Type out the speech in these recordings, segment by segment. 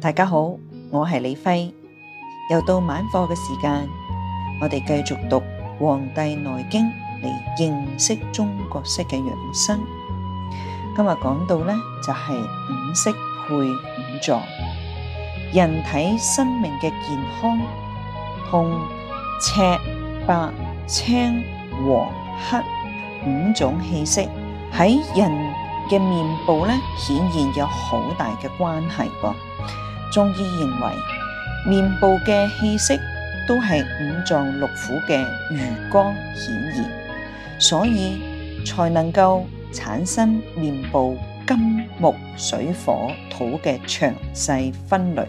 大家好，我係李輝，又到晚課嘅時間，我哋繼續讀《黃帝內經》嚟認識中國式嘅養生。今日講到咧，就係五色配五臟，人體生命嘅健康，同、赤、白、青、黃、黑五種氣息喺人嘅面部咧，顯然有好大嘅關係噃。中醫認為面部嘅氣色都係五臟六腑嘅餘光顯現，所以才能夠產生面部金木水火土嘅詳細分類。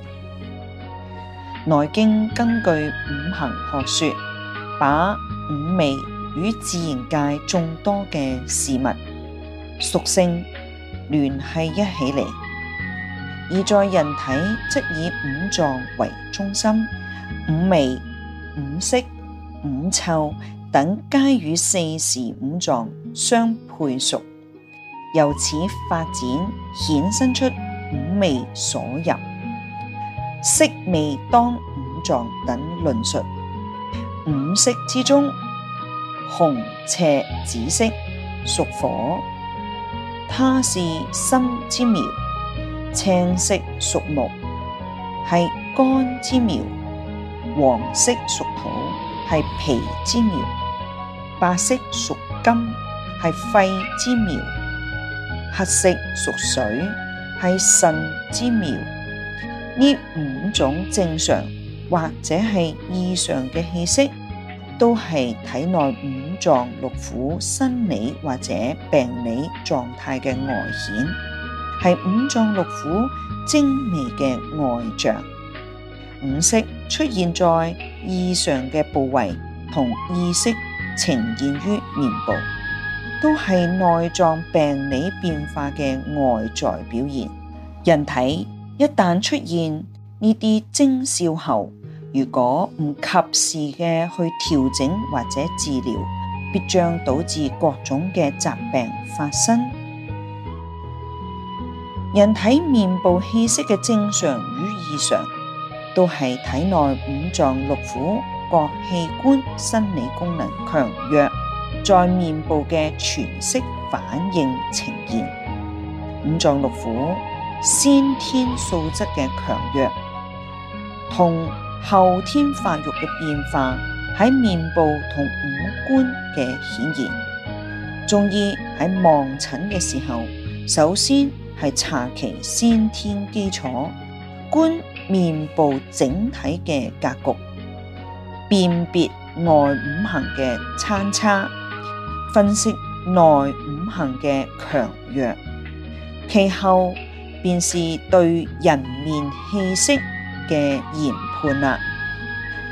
內經根據五行學說，把五味與自然界眾多嘅事物屬性聯繫一起嚟。而在人體，則以五臟為中心，五味、五色、五臭等皆與四時五臟相配屬，由此發展衍生出五味所入、色味當五臟等論述。五色之中，紅、赤、紫色屬火，它是心之苗。青色屬木，係肝之苗；黃色屬土，係脾之苗；白色屬金，係肺之苗；黑色屬水，係腎之苗。呢五種正常或者係異常嘅氣色，都係體內五臟六腑生理或者病理狀態嘅外顯。係五臟六腑精微嘅外象，五色出現在異常嘅部位，同異色呈現於面部，都係內臟病理變化嘅外在表現。人體一旦出現呢啲徵兆後，如果唔及時嘅去調整或者治療，必將導致各種嘅疾病發生。人體面部氣息嘅正常與異常，都係體內五臟六腑各器官生理功能強弱，在面部嘅全息反應呈現。五臟六腑先天素質嘅強弱，同後天發育嘅變化喺面部同五官嘅顯現。中醫喺望診嘅時候，首先，係查其先天基礎，觀面部整體嘅格局，辨別外五行嘅參差，分析內五行嘅強弱，其後便是對人面氣息嘅研判啦。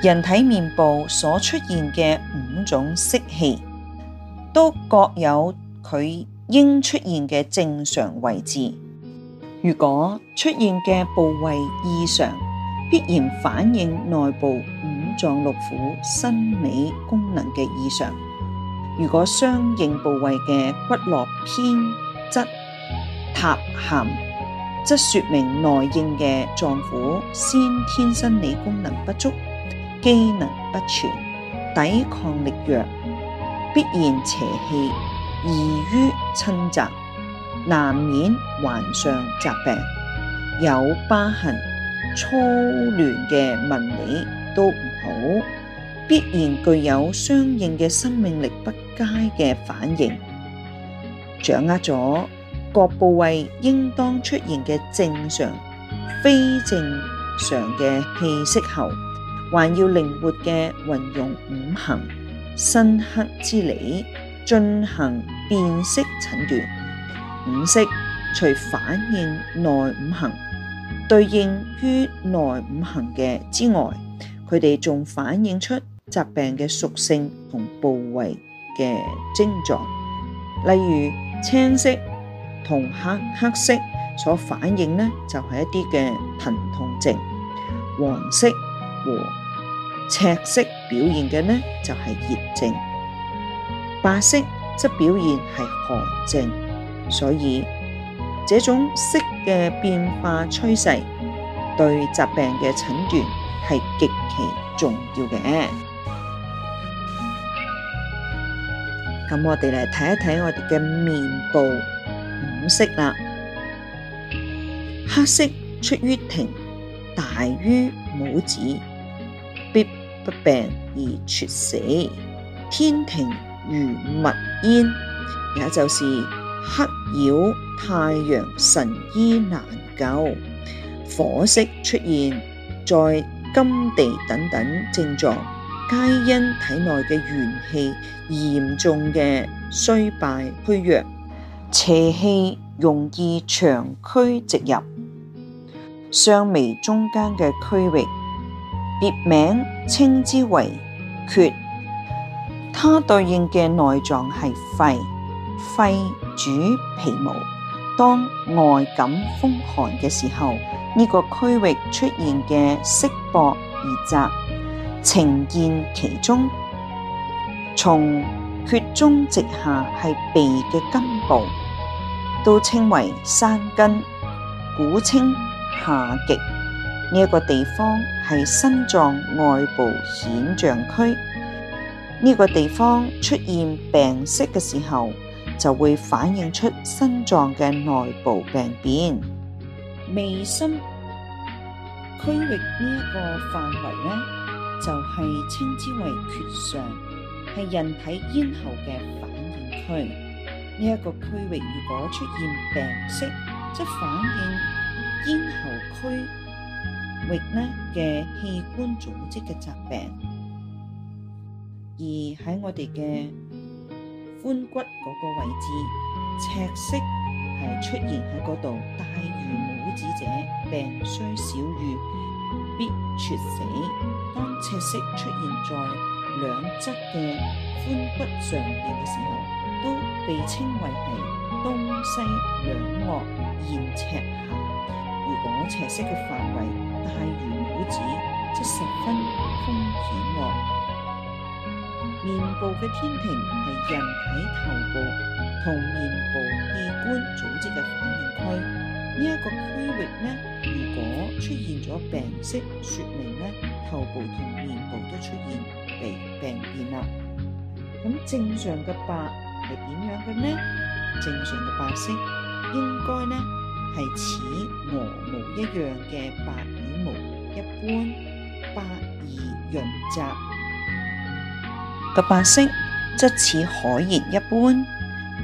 人體面部所出現嘅五種色氣，都各有佢應出現嘅正常位置，如果出現嘅部位異常，必然反映內部五臟六腑生理功能嘅異常。如果相應部位嘅骨骼偏側塌陷，則說明內應嘅臟腑先天生理功能不足、機能不全、抵抗力弱，必然邪氣。易於侵襲，難免患上疾病，有疤痕、粗亂嘅紋理都唔好，必然具有相應嘅生命力不佳嘅反應。掌握咗各部位應當出現嘅正常、非正常嘅氣息後，還要靈活嘅運用五行、生克之理。進行辨識診斷，五色除反映內五行，對應於內五行嘅之外，佢哋仲反映出疾病嘅屬性同部位嘅症狀。例如青色同黑黑色所反映呢，就係一啲嘅疼痛症；黃色和赤色表現嘅呢，就係熱症。白色則表現係寒症，所以這種色嘅變化趨勢對疾病嘅診斷係極其重要嘅。咁我哋嚟睇一睇我哋嘅面部五色啦。黑色出於庭，大於拇指，必不病而猝死。天庭。如墨煙，也就是黑妖、太陽神醫難救，火色出現在金地等等症狀，皆因體內嘅元氣嚴重嘅衰敗虛弱，邪氣容易長驅直入，上眉中間嘅區域，別名稱之為缺。它對應嘅內臟係肺，肺主皮毛。當外感風寒嘅時候，呢、這個區域出現嘅色薄而窄，呈現其中，從血中直下係鼻嘅根部，都稱為山根，古稱下極。呢、這、一個地方係心臟外部顯象區。呢個地方出現病色嘅時候，就會反映出心臟嘅內部病變。眉心區域呢一個範圍咧，就係、是、稱之為闕上，係人體咽喉嘅反應區。呢、這、一個區域如果出現病色，即反映咽喉區域呢嘅器官組織嘅疾病。而喺我哋嘅髖骨嗰個位置，赤色係出現喺嗰度，大如拇指者病雖小愈，必猝死。當赤色出現在兩側嘅髖骨上面嘅時候，都被稱為係東西兩嶽現赤蝨。如果赤色嘅範圍大如拇指，則十分兇險惡。面部嘅天庭係人體頭部同面部器官組織嘅反應區，這個、呢一個區域咧，如果出現咗病色，說明咧頭部同面部都出現被病變啦。咁正常嘅白係點樣嘅呢？正常嘅白色應該咧係似鵝毛一樣嘅白羽毛一般，白而潤澤。嘅白色則似海鹽一般，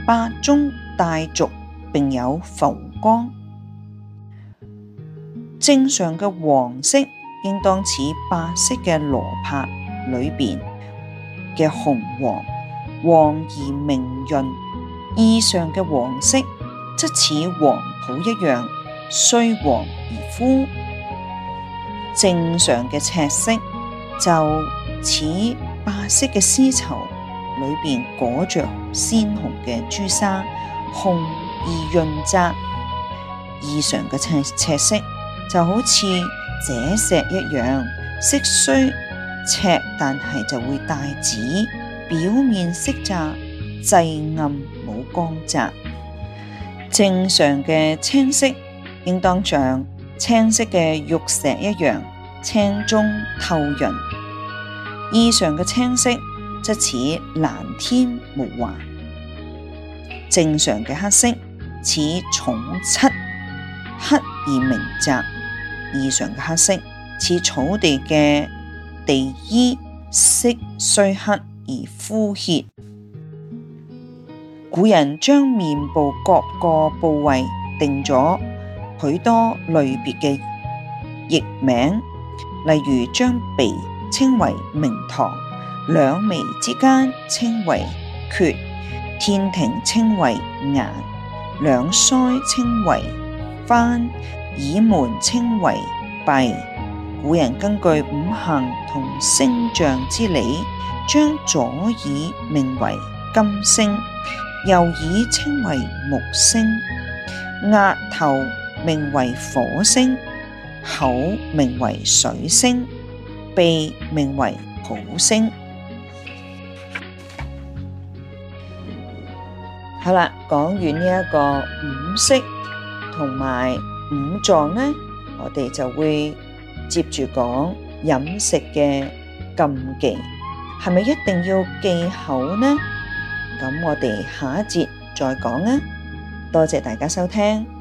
白中帶濁，並有浮光。正常嘅黃色應當似白色嘅羅帕裏邊嘅紅黃，黃而明潤。異常嘅黃色則似黃土一樣，雖黃而枯。正常嘅赤色就似白色嘅絲綢裏邊裹着鮮紅嘅朱砂，紅而潤澤；異常嘅赤赤色就好似赭石一樣，色雖赤但係就會帶紫，表面色澤，滯暗冇光澤。正常嘅青色應當像青色嘅玉石一樣，青中透潤。異常嘅青色則似藍天無華，正常嘅黑色似重漆，黑而明澤，異常嘅黑色似草地嘅地衣，色雖黑而枯怯。古人將面部各個部位定咗許多類別嘅譯名，例如將鼻。稱為明堂，兩眉之間稱為闕，天庭稱為顏，兩腮稱為蕃，耳門稱為蔽。古人根據五行同星象之理，將左耳名為金星，右耳稱為木星，額頭名為火星，口名為水星。被命為普星。好啦，講完呢一個五色同埋五臟呢，我哋就會接住講飲食嘅禁忌，係咪一定要忌口呢？咁我哋下一節再講啦。多謝大家收聽。